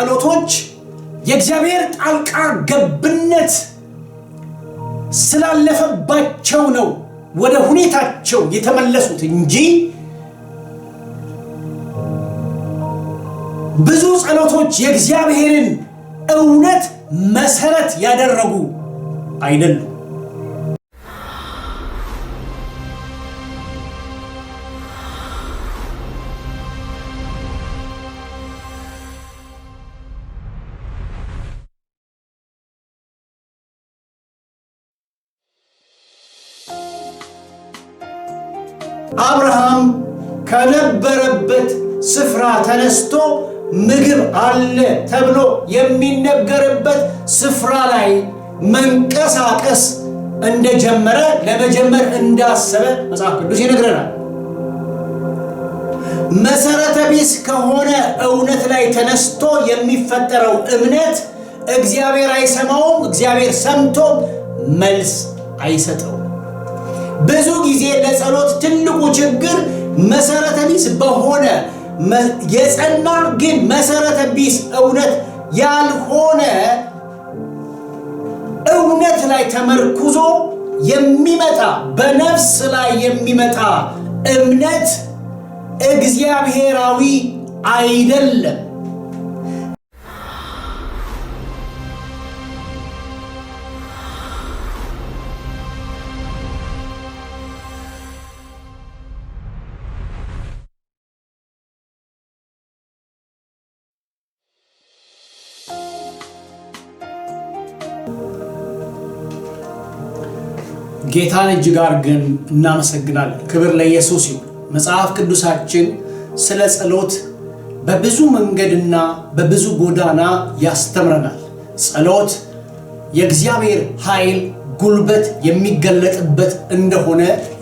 ጸሎቶች የእግዚአብሔር ጣልቃ ገብነት ስላለፈባቸው ነው ወደ ሁኔታቸው የተመለሱት እንጂ ብዙ ጸሎቶች የእግዚአብሔርን እውነት መሰረት ያደረጉ አይደሉም። ተነስቶ ምግብ አለ ተብሎ የሚነገርበት ስፍራ ላይ መንቀሳቀስ እንደጀመረ ለመጀመር እንዳሰበ መጽሐፍ ቅዱስ ይነግረናል። መሰረተ ቢስ ከሆነ እውነት ላይ ተነስቶ የሚፈጠረው እምነት እግዚአብሔር አይሰማውም፣ እግዚአብሔር ሰምቶ መልስ አይሰጠውም። ብዙ ጊዜ ለጸሎት ትልቁ ችግር መሰረተ ቢስ በሆነ የጸና ግን መሰረተ ቢስ እውነት ያልሆነ እውነት ላይ ተመርኩዞ የሚመጣ በነፍስ ላይ የሚመጣ እምነት እግዚአብሔራዊ አይደለም። ጌታን እጅግ አድርገን እናመሰግናለን። ክብር ለኢየሱስ ይሁን። መጽሐፍ ቅዱሳችን ስለ ጸሎት በብዙ መንገድና በብዙ ጎዳና ያስተምረናል። ጸሎት የእግዚአብሔር ኃይል፣ ጉልበት የሚገለጥበት እንደሆነ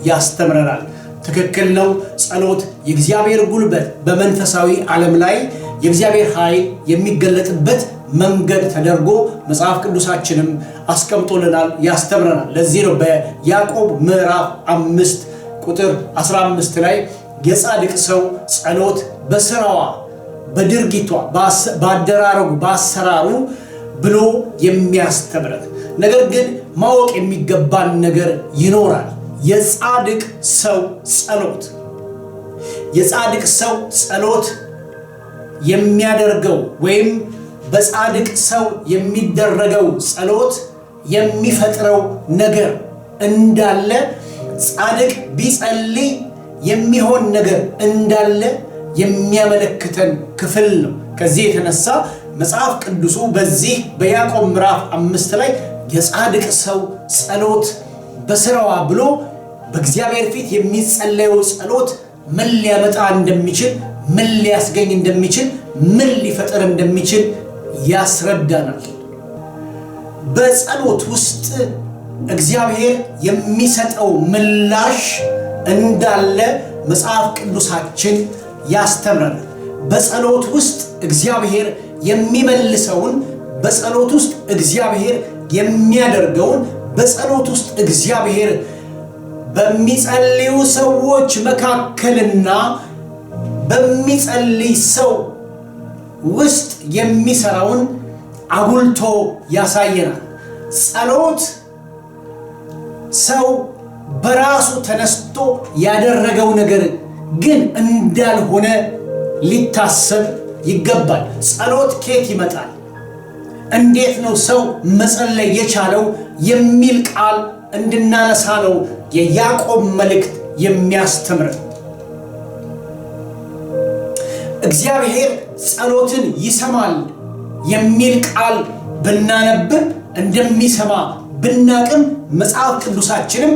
ያስተምረናል። ትክክል ነው። ጸሎት የእግዚአብሔር ጉልበት በመንፈሳዊ ዓለም ላይ የእግዚአብሔር ኃይል የሚገለጥበት መንገድ ተደርጎ መጽሐፍ ቅዱሳችንም አስቀምጦልናል፣ ያስተምረናል። ለዚህ ነው በያዕቆብ ምዕራፍ አምስት ቁጥር 15 ላይ የጻድቅ ሰው ጸሎት በስራዋ በድርጊቷ በአደራረጉ በአሰራሩ ብሎ የሚያስተምረት ነገር ግን ማወቅ የሚገባን ነገር ይኖራል። የጻድቅ ሰው ጸሎት የጻድቅ ሰው ጸሎት የሚያደርገው ወይም በጻድቅ ሰው የሚደረገው ጸሎት የሚፈጥረው ነገር እንዳለ ጻድቅ ቢጸልይ የሚሆን ነገር እንዳለ የሚያመለክተን ክፍል ነው። ከዚህ የተነሳ መጽሐፍ ቅዱሱ በዚህ በያዕቆብ ምዕራፍ አምስት ላይ የጻድቅ ሰው ጸሎት በስራዋ ብሎ በእግዚአብሔር ፊት የሚጸለየው ጸሎት ምን ሊያመጣ እንደሚችል ምን ሊያስገኝ እንደሚችል ምን ሊፈጥር እንደሚችል ያስረዳናል። በጸሎት ውስጥ እግዚአብሔር የሚሰጠው ምላሽ እንዳለ መጽሐፍ ቅዱሳችን ያስተምረናል። በጸሎት ውስጥ እግዚአብሔር የሚመልሰውን፣ በጸሎት ውስጥ እግዚአብሔር የሚያደርገውን፣ በጸሎት ውስጥ እግዚአብሔር በሚጸልዩ ሰዎች መካከልና በሚጸልይ ሰው ውስጥ የሚሰራውን አጉልቶ ያሳየናል። ጸሎት ሰው በራሱ ተነስቶ ያደረገው ነገር ግን እንዳልሆነ ሊታሰብ ይገባል። ጸሎት ኬት ይመጣል? እንዴት ነው ሰው መጸለይ የቻለው? የሚል ቃል እንድናነሳ ነው የያዕቆብ መልእክት የሚያስተምር እግዚአብሔር ጸሎትን ይሰማል የሚል ቃል ብናነብብ እንደሚሰማ ብናቅም መጽሐፍ ቅዱሳችንም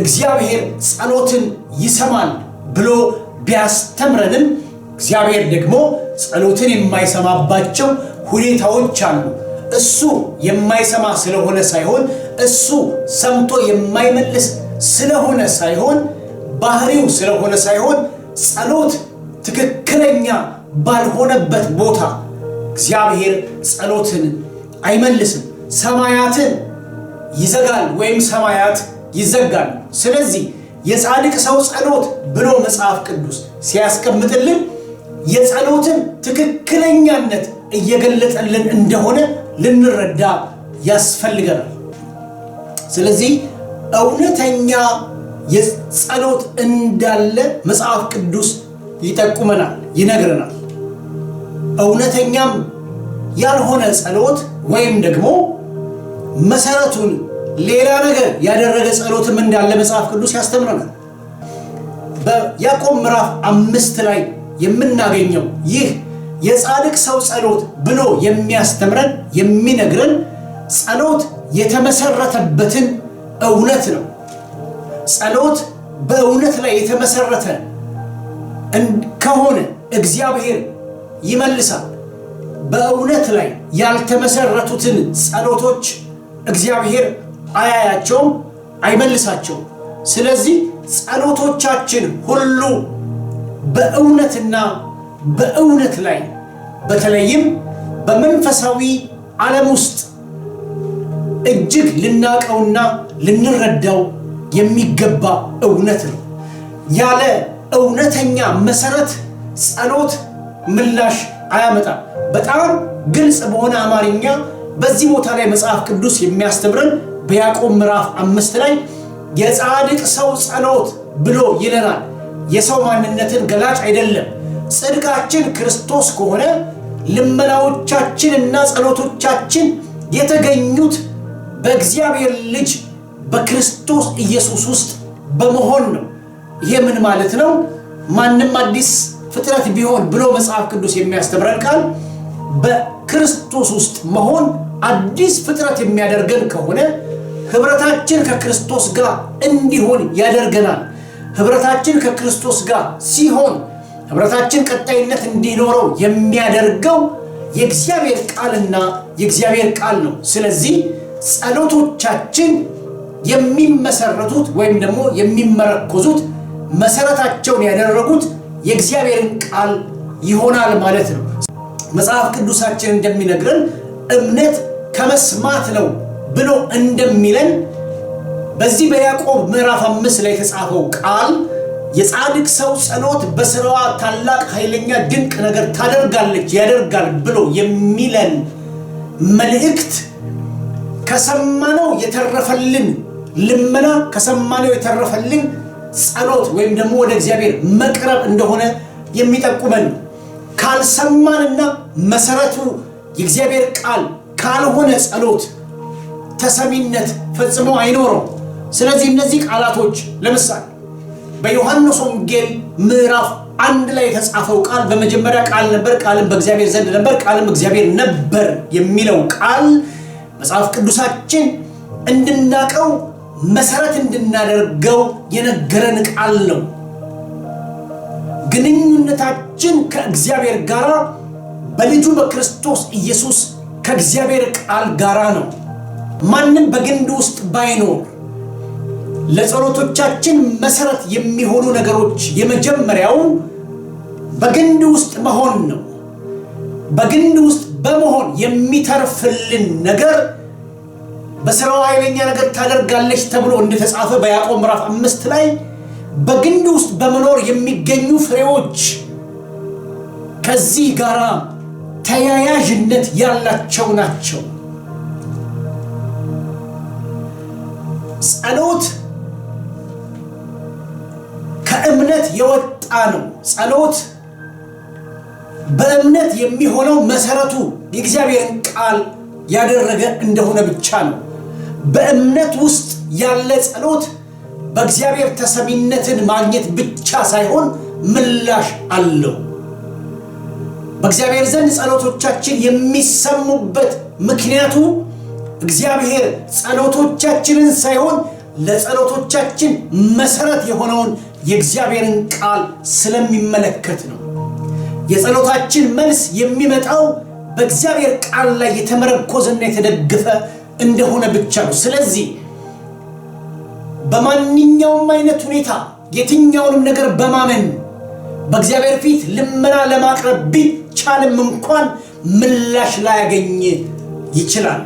እግዚአብሔር ጸሎትን ይሰማል ብሎ ቢያስተምረንም እግዚአብሔር ደግሞ ጸሎትን የማይሰማባቸው ሁኔታዎች አሉ። እሱ የማይሰማ ስለሆነ ሳይሆን እሱ ሰምቶ የማይመልስ ስለሆነ ሳይሆን ባህሪው ስለሆነ ሳይሆን ጸሎት ትክክለኛ ባልሆነበት ቦታ እግዚአብሔር ጸሎትን አይመልስም፣ ሰማያትን ይዘጋል ወይም ሰማያት ይዘጋል። ስለዚህ የጻድቅ ሰው ጸሎት ብሎ መጽሐፍ ቅዱስ ሲያስቀምጥልን የጸሎትን ትክክለኛነት እየገለጠልን እንደሆነ ልንረዳ ያስፈልገናል። ስለዚህ እውነተኛ የጸሎት እንዳለ መጽሐፍ ቅዱስ ይጠቁመናል፣ ይነግረናል። እውነተኛም ያልሆነ ጸሎት ወይም ደግሞ መሰረቱን ሌላ ነገር ያደረገ ጸሎትም እንዳለ መጽሐፍ ቅዱስ ያስተምረናል። በያዕቆብ ምዕራፍ አምስት ላይ የምናገኘው ይህ የጻድቅ ሰው ጸሎት ብሎ የሚያስተምረን የሚነግረን ጸሎት የተመሰረተበትን እውነት ነው። ጸሎት በእውነት ላይ የተመሰረተ ከሆነ እግዚአብሔር ይመልሳል። በእውነት ላይ ያልተመሰረቱትን ጸሎቶች እግዚአብሔር አያያቸውም፣ አይመልሳቸውም። ስለዚህ ጸሎቶቻችን ሁሉ በእውነትና በእውነት ላይ በተለይም በመንፈሳዊ ዓለም ውስጥ እጅግ ልናቀውና ልንረዳው የሚገባ እውነት ነው ያለ እውነተኛ መሰረት ጸሎት ምላሽ አያመጣም። በጣም ግልጽ በሆነ አማርኛ በዚህ ቦታ ላይ መጽሐፍ ቅዱስ የሚያስተምረን በያዕቆብ ምዕራፍ አምስት ላይ የጻድቅ ሰው ጸሎት ብሎ ይለናል። የሰው ማንነትን ገላጭ አይደለም። ጽድቃችን ክርስቶስ ከሆነ ልመናዎቻችንና ጸሎቶቻችን የተገኙት በእግዚአብሔር ልጅ በክርስቶስ ኢየሱስ ውስጥ በመሆን ነው። ይሄ ምን ማለት ነው? ማንም አዲስ ፍጥረት ቢሆን ብሎ መጽሐፍ ቅዱስ የሚያስተምረን ቃል በክርስቶስ ውስጥ መሆን አዲስ ፍጥረት የሚያደርገን ከሆነ ህብረታችን ከክርስቶስ ጋር እንዲሆን ያደርገናል። ህብረታችን ከክርስቶስ ጋር ሲሆን ህብረታችን ቀጣይነት እንዲኖረው የሚያደርገው የእግዚአብሔር ቃልና የእግዚአብሔር ቃል ነው። ስለዚህ ጸሎቶቻችን የሚመሰረቱት ወይም ደግሞ የሚመረኮዙት መሰረታቸውን ያደረጉት የእግዚአብሔርን ቃል ይሆናል ማለት ነው። መጽሐፍ ቅዱሳችን እንደሚነግረን እምነት ከመስማት ነው ብሎ እንደሚለን በዚህ በያዕቆብ ምዕራፍ አምስት ላይ የተጻፈው ቃል የጻድቅ ሰው ጸሎት በስራዋ ታላቅ ኃይለኛ ድንቅ ነገር ታደርጋለች ያደርጋል ብሎ የሚለን መልእክት ከሰማነው የተረፈልን ልመና ከሰማነው የተረፈልን ጸሎት ወይም ደግሞ ወደ እግዚአብሔር መቅረብ እንደሆነ የሚጠቁመን ካልሰማንና መሰረቱ የእግዚአብሔር ቃል ካልሆነ ጸሎት ተሰሚነት ፈጽሞ አይኖረው። ስለዚህ እነዚህ ቃላቶች ለምሳሌ በዮሐንስ ወንጌል ምዕራፍ አንድ ላይ የተጻፈው ቃል በመጀመሪያ ቃል ነበር፣ ቃልም በእግዚአብሔር ዘንድ ነበር፣ ቃልም እግዚአብሔር ነበር የሚለው ቃል መጽሐፍ ቅዱሳችን እንድናቀው መሰረት እንድናደርገው የነገረን ቃል ነው። ግንኙነታችን ከእግዚአብሔር ጋር በልጁ በክርስቶስ ኢየሱስ ከእግዚአብሔር ቃል ጋር ነው። ማንም በግንድ ውስጥ ባይኖር ለጸሎቶቻችን መሰረት የሚሆኑ ነገሮች የመጀመሪያው በግንድ ውስጥ መሆን ነው። በግንድ ውስጥ በመሆን የሚተርፍልን ነገር በስራው ኃይለኛ ነገር ታደርጋለች ተብሎ እንደተጻፈ በያዕቆብ ምዕራፍ አምስት ላይ በግንድ ውስጥ በመኖር የሚገኙ ፍሬዎች ከዚህ ጋር ተያያዥነት ያላቸው ናቸው። ጸሎት ከእምነት የወጣ ነው። ጸሎት በእምነት የሚሆነው መሰረቱ የእግዚአብሔርን ቃል ያደረገ እንደሆነ ብቻ ነው። በእምነት ውስጥ ያለ ጸሎት በእግዚአብሔር ተሰሚነትን ማግኘት ብቻ ሳይሆን ምላሽ አለው። በእግዚአብሔር ዘንድ ጸሎቶቻችን የሚሰሙበት ምክንያቱ እግዚአብሔር ጸሎቶቻችንን ሳይሆን ለጸሎቶቻችን መሰረት የሆነውን የእግዚአብሔርን ቃል ስለሚመለከት ነው። የጸሎታችን መልስ የሚመጣው በእግዚአብሔር ቃል ላይ የተመረኮዘና የተደገፈ እንደሆነ ብቻ ነው። ስለዚህ በማንኛውም አይነት ሁኔታ የትኛውንም ነገር በማመን በእግዚአብሔር ፊት ልመና ለማቅረብ ቢቻልም እንኳን ምላሽ ላያገኝ ይችላል።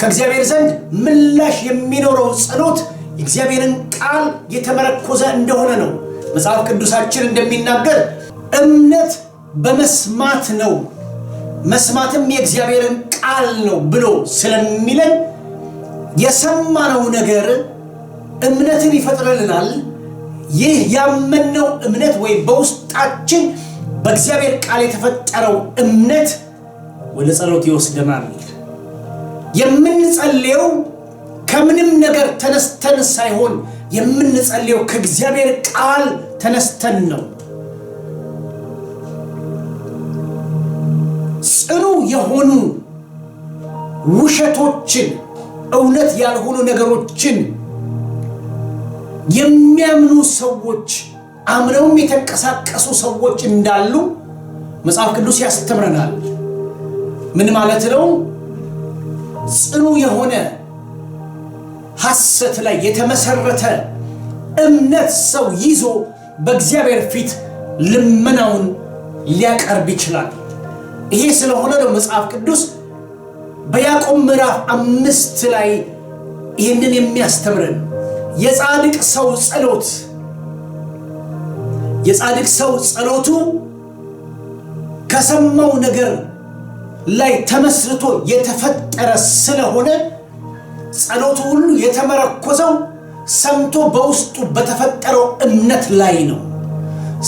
ከእግዚአብሔር ዘንድ ምላሽ የሚኖረው ጸሎት የእግዚአብሔርን ቃል የተመረኮዘ እንደሆነ ነው። መጽሐፍ ቅዱሳችን እንደሚናገር እምነት በመስማት ነው፣ መስማትም የእግዚአብሔርን ቃል ነው ብሎ ስለሚለን የሰማነው ነገር እምነትን ይፈጥርልናል። ይህ ያመነው እምነት ወይም በውስጣችን በእግዚአብሔር ቃል የተፈጠረው እምነት ወደ ጸሎት ይወስደናል። የምንጸልየው ከምንም ነገር ተነስተን ሳይሆን የምንጸልየው ከእግዚአብሔር ቃል ተነስተን ነው። ጽኑ የሆኑ ውሸቶችን፣ እውነት ያልሆኑ ነገሮችን የሚያምኑ ሰዎች አምነውም የተንቀሳቀሱ ሰዎች እንዳሉ መጽሐፍ ቅዱስ ያስተምረናል። ምን ማለት ነው? ጽኑ የሆነ ሐሰት ላይ የተመሰረተ እምነት ሰው ይዞ በእግዚአብሔር ፊት ልመናውን ሊያቀርብ ይችላል። ይሄ ስለሆነ ነው መጽሐፍ ቅዱስ በያዕቆብ ምዕራፍ አምስት ላይ ይህንን የሚያስተምረን የጻድቅ ሰው ጸሎት የጻድቅ ሰው ጸሎቱ ከሰማው ነገር ላይ ተመስርቶ የተፈጠረ ስለሆነ ጸሎቱ ሁሉ የተመረኮዘው ሰምቶ በውስጡ በተፈጠረው እምነት ላይ ነው።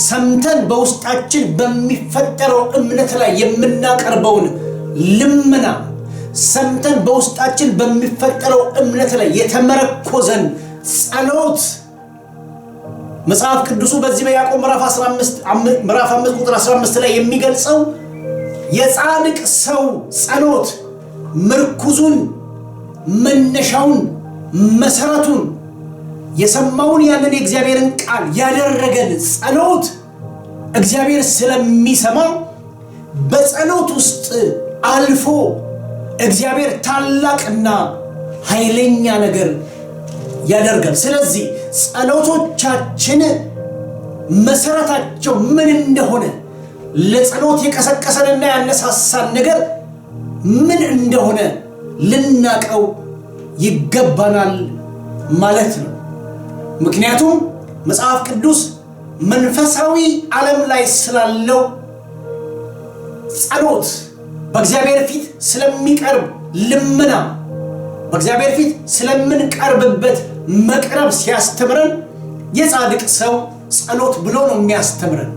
ሰምተን በውስጣችን በሚፈጠረው እምነት ላይ የምናቀርበውን ልመና ሰምተን በውስጣችን በሚፈጠረው እምነት ላይ የተመረኮዘን ጸሎት መጽሐፍ ቅዱሱ በዚህ በያዕቆብ ምዕራፍ 5 ቁጥር 15 ላይ የሚገልጸው የጻድቅ ሰው ጸሎት ምርኩዙን፣ መነሻውን፣ መሰረቱን የሰማውን ያንን የእግዚአብሔርን ቃል ያደረገን ጸሎት እግዚአብሔር ስለሚሰማ በጸሎት ውስጥ አልፎ እግዚአብሔር ታላቅና ኃይለኛ ነገር ያደርጋል። ስለዚህ ጸሎቶቻችን መሰረታቸው ምን እንደሆነ ለጸሎት የቀሰቀሰንና ያነሳሳን ነገር ምን እንደሆነ ልናቀው ይገባናል ማለት ነው። ምክንያቱም መጽሐፍ ቅዱስ መንፈሳዊ ዓለም ላይ ስላለው ጸሎት በእግዚአብሔር ፊት ስለሚቀርብ ልመና በእግዚአብሔር ፊት ስለምንቀርብበት መቅረብ ሲያስተምረን የጻድቅ ሰው ጸሎት ብሎ ነው የሚያስተምረን።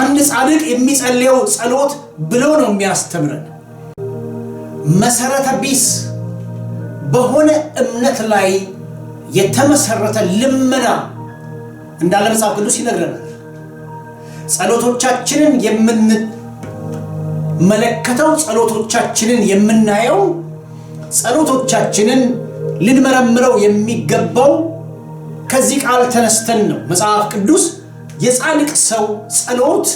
አንድ ጻድቅ የሚጸልየው ጸሎት ብሎ ነው የሚያስተምረን። መሰረተ ቢስ በሆነ እምነት ላይ የተመሰረተ ልመና እንዳለ መጽሐፍ ቅዱስ ይነግረናል። ጸሎቶቻችንን የምን የምንመለከተው ጸሎቶቻችንን የምናየው ጸሎቶቻችንን ልንመረምረው የሚገባው ከዚህ ቃል ተነስተን ነው። መጽሐፍ ቅዱስ የጻድቅ ሰው ጸሎት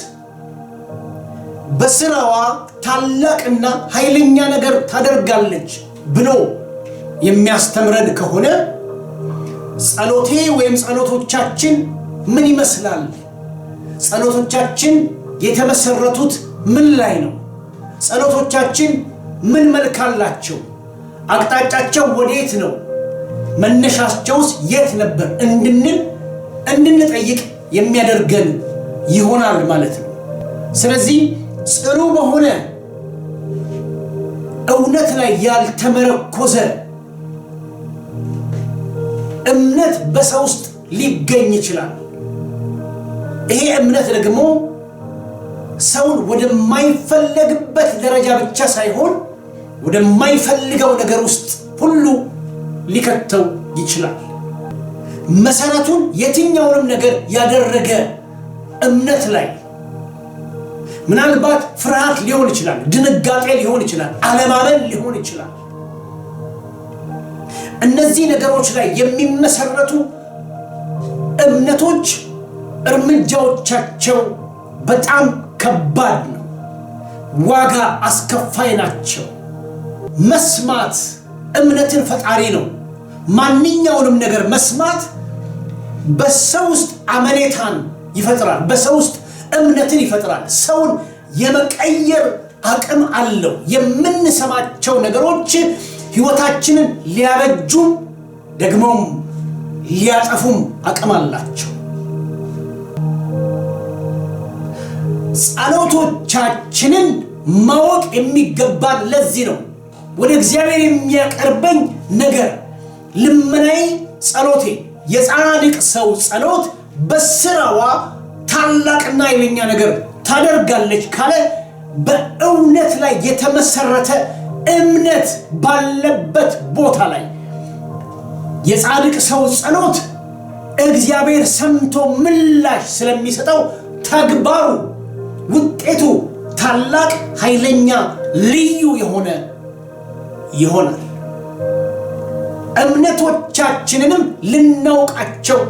በስራዋ ታላቅና ኃይለኛ ነገር ታደርጋለች ብሎ የሚያስተምረን ከሆነ ጸሎቴ ወይም ጸሎቶቻችን ምን ይመስላል? ጸሎቶቻችን የተመሰረቱት ምን ላይ ነው? ጸሎቶቻችን ምን መልክ አላቸው? አቅጣጫቸው ወዴት ነው? መነሻቸውስ የት ነበር? እንድንል እንድንጠይቅ የሚያደርገን ይሆናል ማለት ነው። ስለዚህ ጽኑ በሆነ እውነት ላይ ያልተመረኮዘ እምነት በሰው ውስጥ ሊገኝ ይችላል። ይሄ እምነት ደግሞ ሰውን ወደማይፈለግበት ደረጃ ብቻ ሳይሆን ወደማይፈልገው ነገር ውስጥ ሁሉ ሊከተው ይችላል። መሰረቱን የትኛውንም ነገር ያደረገ እምነት ላይ ምናልባት ፍርሃት ሊሆን ይችላል፣ ድንጋጤ ሊሆን ይችላል፣ አለማመን ሊሆን ይችላል። እነዚህ ነገሮች ላይ የሚመሰረቱ እምነቶች እርምጃዎቻቸው በጣም ከባድ ነው። ዋጋ አስከፋይ ናቸው። መስማት እምነትን ፈጣሪ ነው። ማንኛውንም ነገር መስማት በሰው ውስጥ አመኔታን ይፈጥራል። በሰው ውስጥ እምነትን ይፈጥራል። ሰውን የመቀየር አቅም አለው። የምንሰማቸው ነገሮች ሕይወታችንን ሊያበጁም ደግሞም ሊያጠፉም አቅም አላቸው። ጸሎቶቻችንን ማወቅ የሚገባን ለዚህ ነው። ወደ እግዚአብሔር የሚያቀርበኝ ነገር ልመናዬ፣ ጸሎቴ የጻድቅ ሰው ጸሎት በስራዋ ታላቅና ኃይለኛ ነገር ታደርጋለች ካለ በእውነት ላይ የተመሰረተ እምነት ባለበት ቦታ ላይ የጻድቅ ሰው ጸሎት እግዚአብሔር ሰምቶ ምላሽ ስለሚሰጠው ተግባሩ ውጤቱ ታላቅ ኃይለኛ ልዩ የሆነ ይሆናል። እምነቶቻችንንም ልናውቃቸው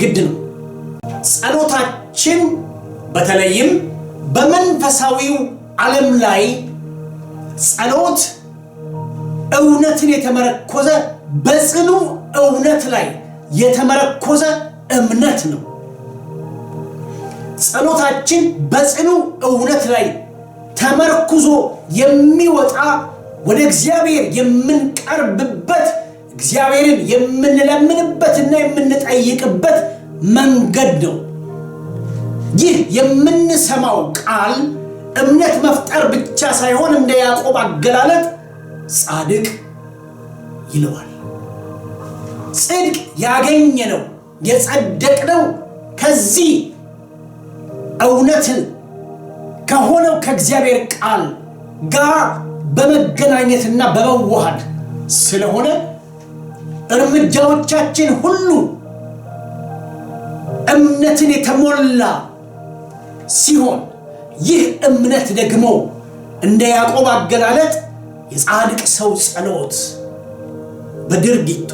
ግድ ነው። ጸሎታችን በተለይም በመንፈሳዊው ዓለም ላይ ጸሎት እውነትን የተመረኮዘ በጽኑ እውነት ላይ የተመረኮዘ እምነት ነው። ጸሎታችን በጽኑ እውነት ላይ ተመርኩዞ የሚወጣ ወደ እግዚአብሔር የምንቀርብበት እግዚአብሔርን የምንለምንበትና የምንጠይቅበት መንገድ ነው። ይህ የምንሰማው ቃል እምነት መፍጠር ብቻ ሳይሆን እንደ ያዕቆብ አገላለጥ ጻድቅ ይለዋል። ጽድቅ ያገኘ ነው የጸደቅ ነው ከዚህ እውነትን ከሆነው ከእግዚአብሔር ቃል ጋር በመገናኘትና በመዋሃድ ስለሆነ እርምጃዎቻችን ሁሉ እምነትን የተሞላ ሲሆን ይህ እምነት ደግሞ እንደ ያዕቆብ አገላለጥ የጻድቅ ሰው ጸሎት በድርጊቷ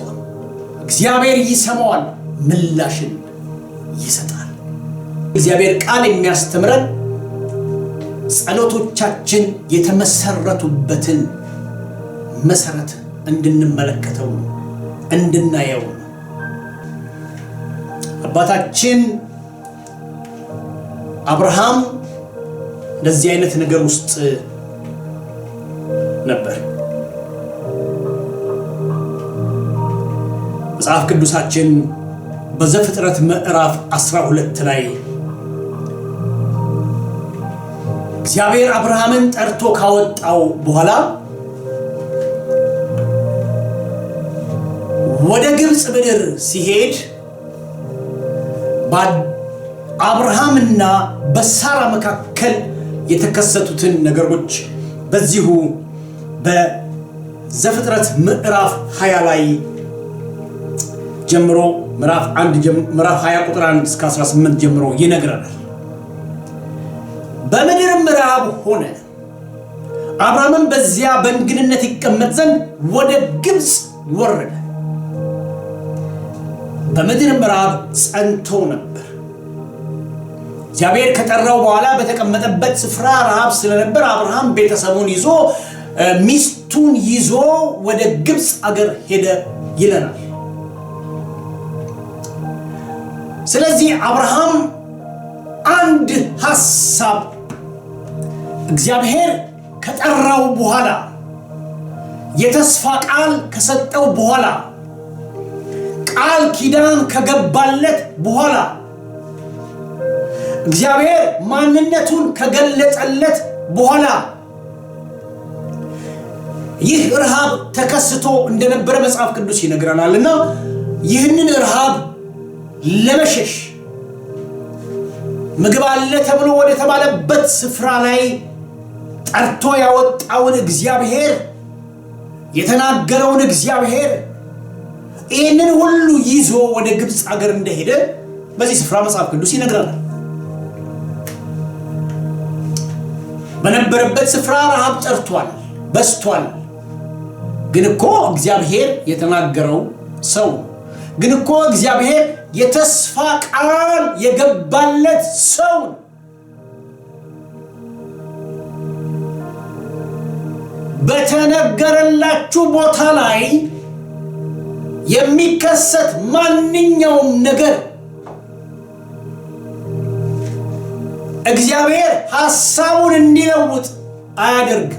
እግዚአብሔር ይሰማዋል፣ ምላሽን ይሰጣል። እግዚአብሔር ቃል የሚያስተምረን ጸሎቶቻችን የተመሰረቱበትን መሰረት እንድንመለከተው ነው፣ እንድናየው ነው። አባታችን አብርሃም እንደዚህ አይነት ነገር ውስጥ ነበር። መጽሐፍ ቅዱሳችን በዘፍጥረት ምዕራፍ 12 ላይ እግዚአብሔር አብርሃምን ጠርቶ ካወጣው በኋላ ወደ ግብፅ ምድር ሲሄድ በአብርሃምና በሳራ መካከል የተከሰቱትን ነገሮች በዚሁ በዘፍጥረት ምዕራፍ 20 ላይ ጀምሮ ምዕራፍ 1 ምዕራፍ 20 ቁጥር 1 እስከ 18 ጀምሮ ይነግረናል። ምዕራብ ሆነ። አብርሃምም በዚያ በእንግድነት ይቀመጥ ዘንድ ወደ ግብፅ ወረደ። በምድር ምዕራብ ጸንቶ ነበር። እግዚአብሔር ከጠራው በኋላ በተቀመጠበት ስፍራ ረሃብ ስለነበር አብርሃም ቤተሰቡን ይዞ ሚስቱን ይዞ ወደ ግብፅ አገር ሄደ ይለናል። ስለዚህ አብርሃም አንድ ሀሳብ እግዚአብሔር ከጠራው በኋላ የተስፋ ቃል ከሰጠው በኋላ ቃል ኪዳን ከገባለት በኋላ እግዚአብሔር ማንነቱን ከገለጠለት በኋላ ይህ ረሃብ ተከስቶ እንደነበረ መጽሐፍ ቅዱስ ይነግረናል እና ይህንን ረሃብ ለመሸሽ ምግብ አለ ተብሎ ወደ ተባለበት ስፍራ ላይ ጠርቶ ያወጣውን እግዚአብሔር የተናገረውን እግዚአብሔር ይህንን ሁሉ ይዞ ወደ ግብፅ ሀገር እንደሄደ በዚህ ስፍራ መጽሐፍ ቅዱስ ይነግረናል። በነበረበት ስፍራ ረሃብ ጠርቷል፣ በስቷል። ግን እኮ እግዚአብሔር የተናገረው ሰው ግን እኮ እግዚአብሔር የተስፋ ቃል የገባለት ሰው በተነገረላችሁ ቦታ ላይ የሚከሰት ማንኛውም ነገር እግዚአብሔር ሐሳቡን እንዲለውጥ አያደርግም።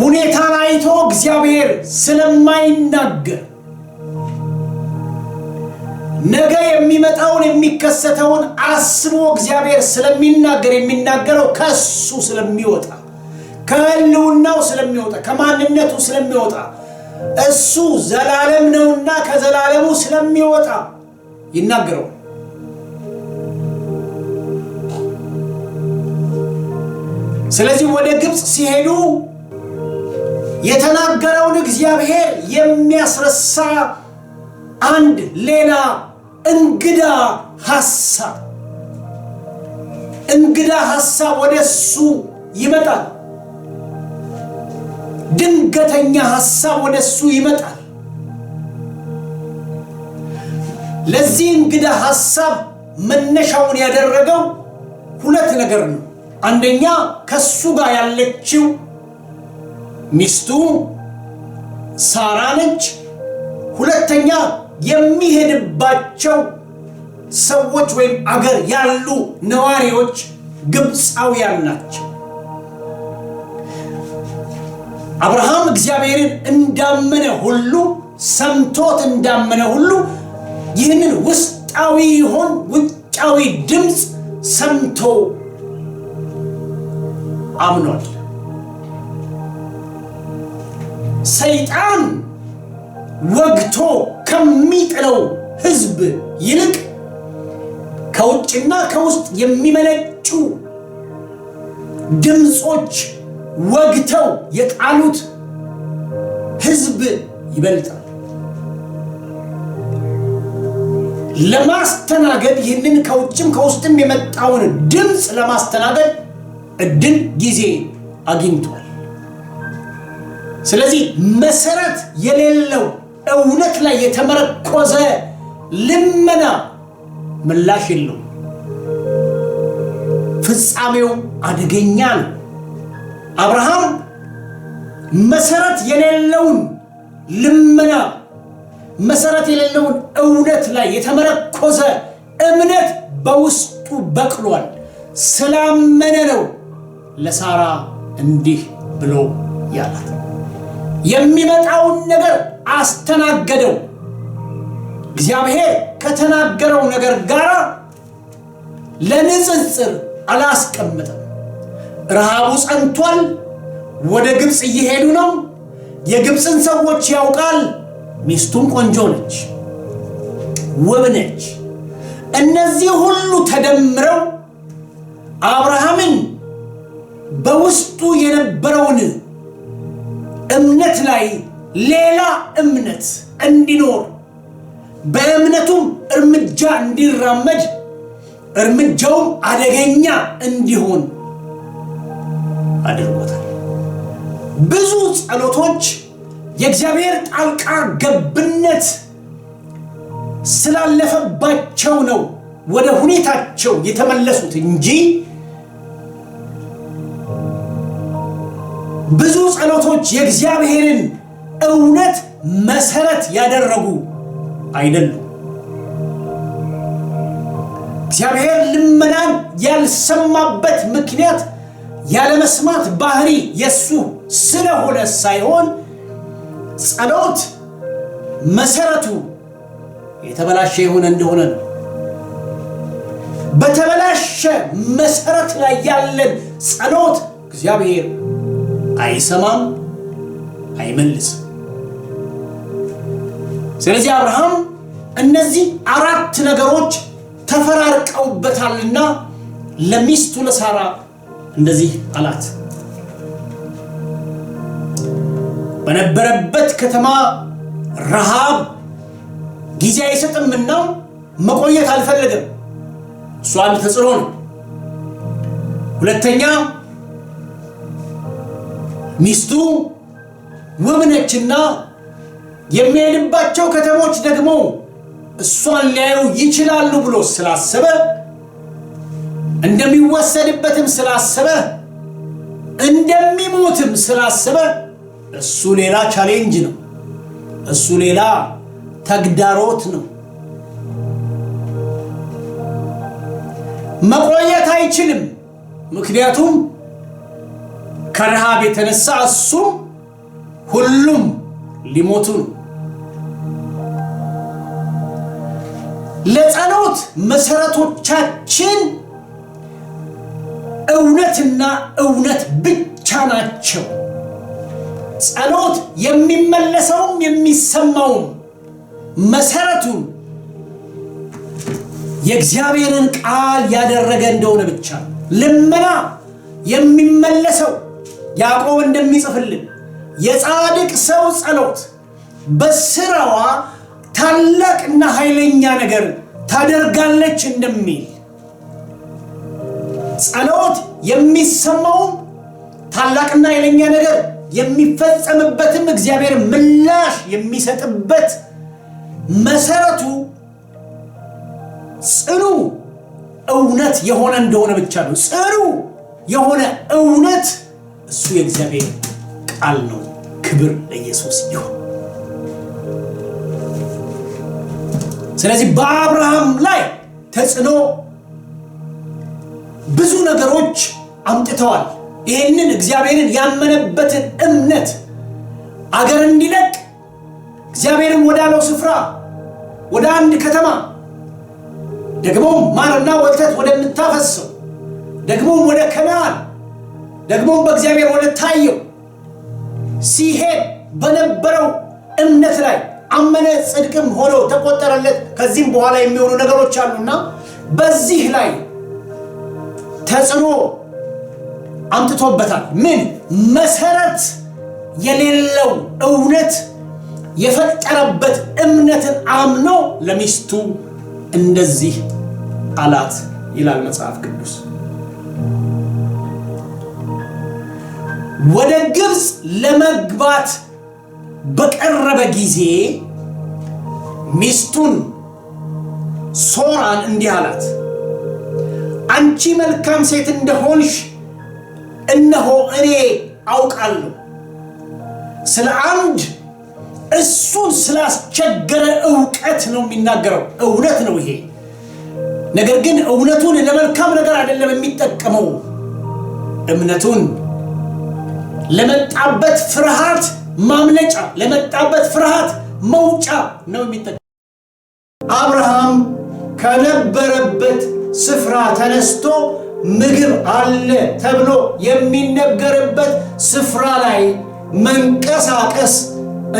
ሁኔታን አይቶ እግዚአብሔር ስለማይናገር ነገ የሚመጣውን የሚከሰተውን አስቦ እግዚአብሔር ስለሚናገር የሚናገረው ከሱ ስለሚወጣ ከህልውናው ስለሚወጣ ከማንነቱ ስለሚወጣ እሱ ዘላለም ነውና ከዘላለሙ ስለሚወጣ ይናገረው። ስለዚህ ወደ ግብፅ ሲሄዱ የተናገረውን እግዚአብሔር የሚያስረሳ አንድ ሌላ እንግዳ ሀሳብ እንግዳ ሀሳብ ወደ እሱ ይመጣል። ድንገተኛ ሀሳብ ወደ እሱ ይመጣል። ለዚህ እንግዳ ሀሳብ መነሻውን ያደረገው ሁለት ነገር ነው። አንደኛ ከሱ ጋር ያለችው ሚስቱ ሳራ ነች። ሁለተኛ የሚሄድባቸው ሰዎች ወይም አገር ያሉ ነዋሪዎች ግብፃውያን ናቸው። አብርሃም እግዚአብሔርን እንዳመነ ሁሉ ሰምቶት እንዳመነ ሁሉ ይህንን ውስጣዊ ይሆን ውጫዊ ድምፅ ሰምቶ አምኗል። ሰይጣን ወግቶ ከሚጥለው ህዝብ ይልቅ ከውጭና ከውስጥ የሚመነጩ ድምፆች ወግተው የጣሉት ህዝብ ይበልጣል። ለማስተናገድ ይህንን ከውጭም ከውስጥም የመጣውን ድምፅ ለማስተናገድ እድል ጊዜ አግኝቷል። ስለዚህ መሰረት የሌለው እውነት ላይ የተመረኮዘ ልመና ምላሽ የለው ፍጻሜው አደገኛ ነው። አብርሃም መሰረት የሌለውን ልመና መሰረት የሌለውን እውነት ላይ የተመረኮዘ እምነት በውስጡ በቅሏል። ስላመነ ነው ለሳራ እንዲህ ብሎ ያላት። የሚመጣውን ነገር አስተናገደው። እግዚአብሔር ከተናገረው ነገር ጋር ለንጽጽር አላስቀምጠም። ረሃቡ ጸንቷል። ወደ ግብፅ እየሄዱ ነው። የግብፅን ሰዎች ያውቃል። ሚስቱም ቆንጆ ነች፣ ውብ ነች። እነዚህ ሁሉ ተደምረው አብርሃምን በውስጡ የነበረውን እምነት ላይ ሌላ እምነት እንዲኖር በእምነቱም እርምጃ እንዲራመድ እርምጃውም አደገኛ እንዲሆን አድርጎታል። ብዙ ጸሎቶች የእግዚአብሔር ጣልቃ ገብነት ስላለፈባቸው ነው ወደ ሁኔታቸው የተመለሱት እንጂ ብዙ ጸሎቶች የእግዚአብሔርን እውነት መሰረት ያደረጉ አይደሉም። እግዚአብሔር ልመናን ያልሰማበት ምክንያት ያለመስማት ባህሪ የሱ ስለሆነ ሳይሆን ጸሎት መሰረቱ የተበላሸ የሆነ እንደሆነ ነው። በተበላሸ መሰረት ላይ ያለን ጸሎት እግዚአብሔር አይሰማም፣ አይመልስም። ስለዚህ አብርሃም እነዚህ አራት ነገሮች ተፈራርቀውበታልና ለሚስቱ ለሳራ እንደዚህ አላት። በነበረበት ከተማ ረሃብ ጊዜ አይሰጥምና መቆየት አልፈለገም። እሷ አንድ ተጽዕኖ ነው። ሁለተኛ ሚስቱ ውብ ነችና የሚሄድባቸው ከተሞች ደግሞ እሷን ሊያዩ ይችላሉ ብሎ ስላሰበ እንደሚወሰድበትም ስላሰበ እንደሚሞትም ስላሰበ እሱ ሌላ ቻሌንጅ ነው። እሱ ሌላ ተግዳሮት ነው። መቆየት አይችልም። ምክንያቱም ከረሃብ የተነሳ እሱም ሁሉም ሊሞቱ ነው። ለጸሎት መሰረቶቻችን እውነትና እውነት ብቻ ናቸው። ጸሎት የሚመለሰውም የሚሰማውም መሰረቱን የእግዚአብሔርን ቃል ያደረገ እንደሆነ ብቻ ልመና የሚመለሰው ያዕቆብ እንደሚጽፍልን የጻድቅ ሰው ጸሎት በስራዋ ታላቅና ኃይለኛ ነገር ታደርጋለች እንደሚል ጸሎት የሚሰማውም ታላቅና ኃይለኛ ነገር የሚፈጸምበትም እግዚአብሔር ምላሽ የሚሰጥበት መሰረቱ ጽኑ እውነት የሆነ እንደሆነ ብቻ ነው። ጽኑ የሆነ እውነት እሱ የእግዚአብሔር ቃል ነው። ክብር ለኢየሱስ ይሁን። ስለዚህ በአብርሃም ላይ ተጽዕኖ ብዙ ነገሮች አምጥተዋል። ይህንን እግዚአብሔርን ያመነበትን እምነት አገር እንዲለቅ እግዚአብሔርን ወዳለው ስፍራ ወደ አንድ ከተማ ደግሞም ማርና ወተት ወደምታፈሰው ደግሞም ወደ ከነዓን ደግሞም በእግዚአብሔር ወደ ታየው። ሲሄድ በነበረው እምነት ላይ አመነ፣ ጽድቅም ሆኖ ተቆጠረለት። ከዚህም በኋላ የሚሆኑ ነገሮች አሉና በዚህ ላይ ተጽዕኖ አምጥቶበታል። ምን መሰረት የሌለው እውነት የፈጠረበት እምነትን አምኖ ለሚስቱ እንደዚህ አላት ይላል መጽሐፍ ቅዱስ። ወደ ግብፅ ለመግባት በቀረበ ጊዜ ሚስቱን ሶራን እንዲህ አላት፣ አንቺ መልካም ሴት እንደሆንሽ እነሆ እኔ አውቃለሁ። ስለ አንድ እሱን ስላስቸገረ እውቀት ነው የሚናገረው። እውነት ነው ይሄ ነገር ግን እውነቱን ለመልካም ነገር አይደለም የሚጠቀመው እምነቱን ለመጣበት ፍርሃት ማምለጫ፣ ለመጣበት ፍርሃት መውጫ ነው የሚጠቀም። አብርሃም ከነበረበት ስፍራ ተነስቶ ምግብ አለ ተብሎ የሚነገርበት ስፍራ ላይ መንቀሳቀስ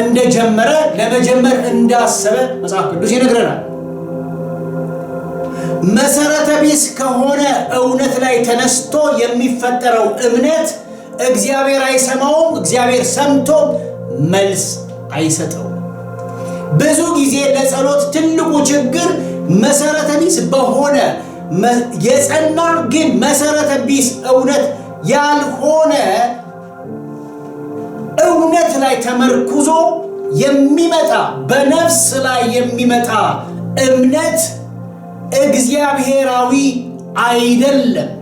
እንደጀመረ ለመጀመር እንዳሰበ መጽሐፍ ቅዱስ ይነግረናል። መሰረተ ቢስ ከሆነ እውነት ላይ ተነስቶ የሚፈጠረው እምነት እግዚአብሔር አይሰማውም፣ እግዚአብሔር ሰምቶ መልስ አይሰጠውም። ብዙ ጊዜ ለጸሎት ትልቁ ችግር መሰረተ ቢስ በሆነ የጸና ግን መሰረተ ቢስ እውነት ያልሆነ እውነት ላይ ተመርኩዞ የሚመጣ በነፍስ ላይ የሚመጣ እምነት እግዚአብሔራዊ አይደለም።